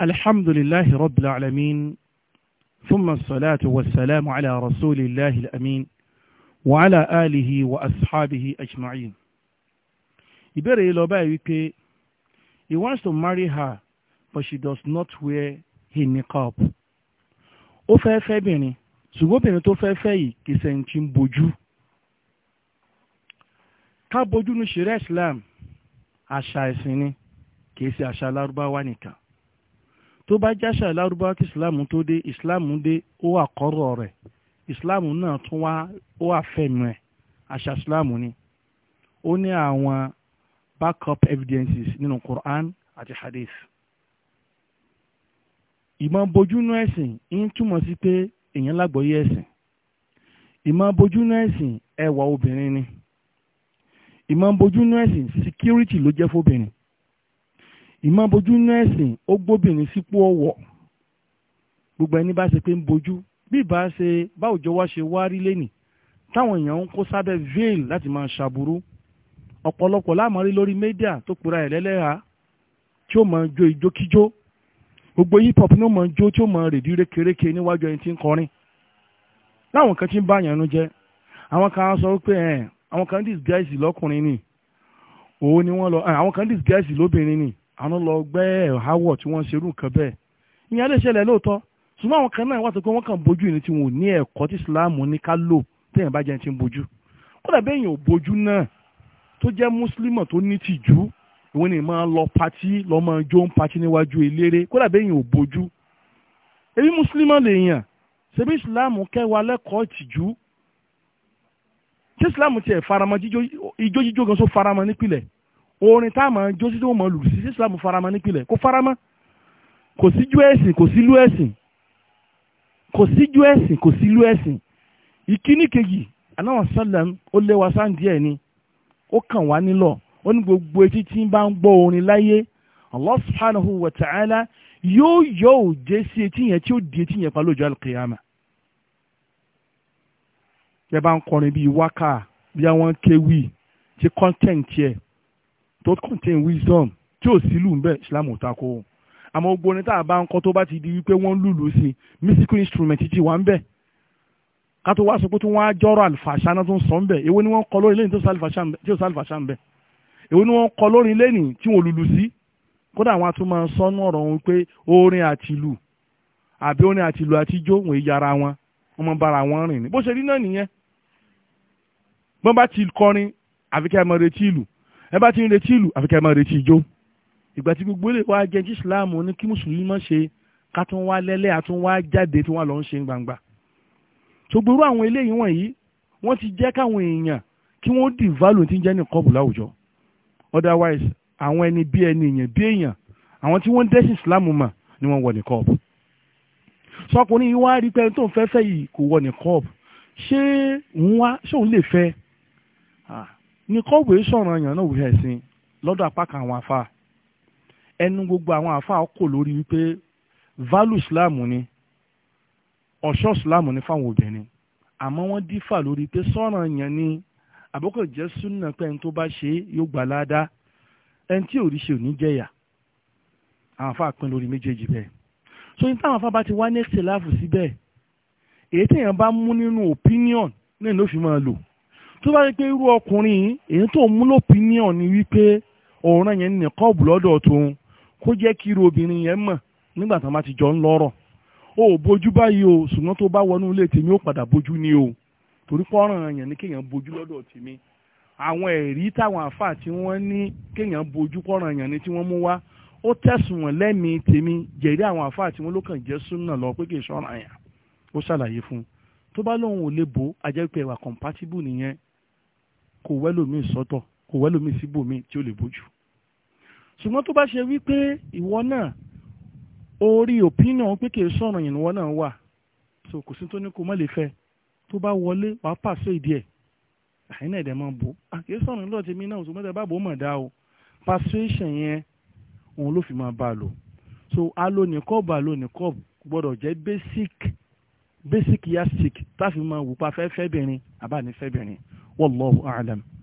الحمد لله رب العالمين ثم الصلاة والسلام على رسول الله الأمين وعلى آله وأصحابه أجمعين ìbéèrè yìí lọ báyìí he wants to marry her but she does not wear her niqab ó fẹ́ fẹ́ bìnrin ṣùgbọ́n obìnrin tó fẹ́ fẹ́ yìí kì í ṣe ń ti bójú ká bójú ní ṣẹ̀ríà Islam àṣà ẹ̀sìn ni kì í ṣe àṣà lárúbáwá nìkan tó bá jáṣà lárúbáwá kí ìsìláàmù tó dé ìsìláàmù dé ó wà kọ́rọ̀ rẹ̀ ìsìláàmù náà tún wá ó wà fẹ̀mù ẹ̀ àṣà ìsìláàmù ni ó ní àwọn backup evidences nínú Quran àti hadith ìmọ̀ bojúnú ẹ̀sìn ń túmọ̀ sí pé èèyàn lágbọ́yé ẹ̀sìn ìmọ̀ bojúnú ẹ̀sìn ẹwà obìnrin ni ìmọ̀ bojúnú ẹ̀sìn security ló jẹ́ fóbìnrin ìmọ̀ bojú nínú ẹ̀sìn ó gbóbìnrin sípò ọ̀wọ̀ gbogbo ẹni bá ṣe pé ń bojú bí ìbá ṣe báwùjọ wá ṣe wá rí lẹ́nì táwọn èèyàn ń kó sábẹ́ veil láti máa ṣàbùrú ọ̀pọ̀lọpọ̀ láàmọ́rí lórí mẹ́díà tó pera ẹ̀ lẹ́lẹ́ha tí ó máa jó ijókíjó gbogbo hip hop ní ó máa jó tí ó máa rèdí rékeréke níwájú ẹni tí ń kọrin láwọn kan tí ń bá àyànnú jẹ àwọn kan sọ pé ẹ àwọn kan disgrace lọ́kùnrin ni òun ni wọ́n lọ àwọn kan disgrace lóbìnrin ni àwọn lọ gbẹ́ ẹ̀háwọ̀ tí wọ́n ń ṣerú nǹkan bẹ́ẹ̀ ìyẹn lè ṣẹlẹ̀ lóòótọ́ ṣùgbọ́n àwọn kan náà wà tó pé wọ́n kàn bójú ni tí wọn ò ní ẹ̀kọ́ tí ìsìláàmù ní ká lò téèyàn bá jẹ́ ti ń bójú kódà bẹ́ẹ̀ yẹn ò bójú náà tó jẹ́ mùsùlùmọ̀ tó ní tìjú ìwọ ni máa lọ patí lọ máa jó ń patí níwájú eléré kódà bẹ́ẹ̀ yẹn ò bójú ebi mùsùlùmọ̀ lèèyàn ṣebí ìsìláàmù kẹwàá lẹ́kọ̀ọ́ tìjú tí ìsìláàmù tiẹ̀ faramọ́ ijó jíjó gan so faramọ́ nípìnlẹ̀ orin tá a máa jó sí tó mọ̀ lù sí islam faramọ́ nípìnlẹ̀ kó faramọ́ kò síjú ẹ̀sìn kò sílú ẹ̀sìn kò síjú ẹ̀sìn kò sílú ẹ̀sìn ìkíní kejì anáwọ̀ sálẹ̀m ó léwa sáǹdì ẹ̀ ni ó kàn wá nílọ̀ ó ní gbogbo etí tí ń bá ń gbọ́ orin láyé Allah subhanahu wa ta'ala yóò yọ òjé sí etí yẹn tí ó di etí yẹn pàlójọ alkiyama yẹ bá ń kọrin bíi wákà bí àwọn kéwì ti kọ́ńtẹ̀ǹtì ẹ̀ tó contain wisdom tí ò sí lù ń bẹ islam ò takò ó àmọ́ gbogbo ní tá a bá ń kọ́ tó bá ti di wípé wọ́n lùlù sí musical instrument ti wà ń bẹ ká tó wá sọ pé tí wọ́n á jọ́rọ̀ àlùfàṣà náà tó ń sọ ń bẹ èwo ni wọ́n kọ lórí lẹ́yìn tí ó sàlùfàṣà ń bẹ èwo ni wọ́n kọ lórí lẹ́yìn tí wọ́n lùlù sí kódà àwọn atún máa ń sọnù ọ̀rọ̀ wọn pé orin àtìlù àbí orin àtìlù àtijọ́ wọn èyí wọn wọn máa bára wọn rìn ní bó ṣe rí náà nìyẹn bọ́n bá ti kọrin àfikẹ́ ẹ̀ retí ìlú ẹ bá ti ń retí ìlú àfikẹ́ máa retí ijó ìgbà tí gbogbo èlé wa jẹ́ islam ní kí mùsùlùmí má ṣe ká tún wá lẹ́lẹ́ àtún wá jáde tí wọ́n lọ ń ṣe gbangba ṣògbóró àwọn eléyìí wọ̀nyí wọ́n ti jẹ́ káwọn èèyàn kí wọ́n dì value tí ń jẹ́ ní kọ́ọ̀bù láwùjọ otherwise àwọn ẹni bí ẹni èèyàn bí èèyàn àwọn tí wọ́n dẹ́sìn islam mà ni wọ́n wọ̀ ní kọ́ọ̀bù sọkùnrin yìí wá rí pé tó ń fẹ́ fẹ́ yìí kò wọ̀ ní kọ́ọ̀bù ṣé òun wá ṣé òun lè fẹ́ ah, ní kọ́wé sọ̀rọ̀ àyàn náà wíyà ẹ̀sìn lọ́dọ̀ apá kan àwọn afa ẹnu gbogbo àwọn afa kò lórí wípé value islam ni ọ̀ṣọ́ islam ni fáwọn obìnrin àmọ́ wọ́n dífà lórí pé sọ̀rọ̀ àyàn ni àbókò jẹ́ súnà pé ẹni tó bá ṣe yóò gbà ládàá ẹni tí ò rí ṣe ò ní jẹ̀yà àwọn afa pín lórí méjèèjì bẹ́ẹ̀ so ní táwọn afa bá ti wá ní ẹ̀sẹ̀ láàfù síbẹ̀ èyí téèyàn bá mú nínú opinion náà ló fi máa lò tó bá rí pé irú ọkùnrin èyí tó mú lópinion ni wípé ọ̀ràn yẹn nìkan bù lọ́dọ̀ tóun kó jẹ́ kí irú obìnrin yẹn mọ̀ nígbà tá a má ti jọ ń lọ́rọ̀ o ò bójú báyìí o ṣùgbọ́n tó bá wọnú ilé tèmi ó padà bójú ni o torí pọ́nrán yẹn ni kéèyàn bójú lọ́dọ̀ tèmi àwọn ẹ̀rí táwọn àáfàá tí wọ́n ní kéèyàn bójú pọ́nrán yẹn ni tí wọ́n mú wá ó tẹ̀sùn lẹ́mìí tèmi jẹ̀rí àwọn àáfàá tí wọ́n ló jẹ́ súnà lọ pé kì í ṣọ́ràn yẹn ó ṣàlàyé fún un tó bá lóun ò lè bò á pé ẹ̀wà compatible nìyẹn kò wẹ́lòmíì sọ́tọ̀ kò wẹ́lòmíì síbòmíì tí ó lè bójú ṣùgbọ́n tó bá ṣe wípé ìwọ náà orí opinion pé kì í sọ̀rọ̀ yìí náà wà so kò sí tó ní kó má lè fẹ́ tó bá wọlé wàá pàṣẹ ìdí ẹ̀ àyìn náà ẹ̀dẹ̀ máa bò àkè sọ̀rọ̀ nílò tèmi náà ṣùgbọ́n tẹ bá mọ̀ dá o persuasion yẹn òun ló fi máa bá a lò so alónìkọ́ọ̀bù alónìkọ́ọ̀bù gbọ́dọ̀ jẹ́ basic basic yastic táfi máa wù pa fẹ́ fẹ́bìnrin àbáni fẹ́bìnrin والله أعلم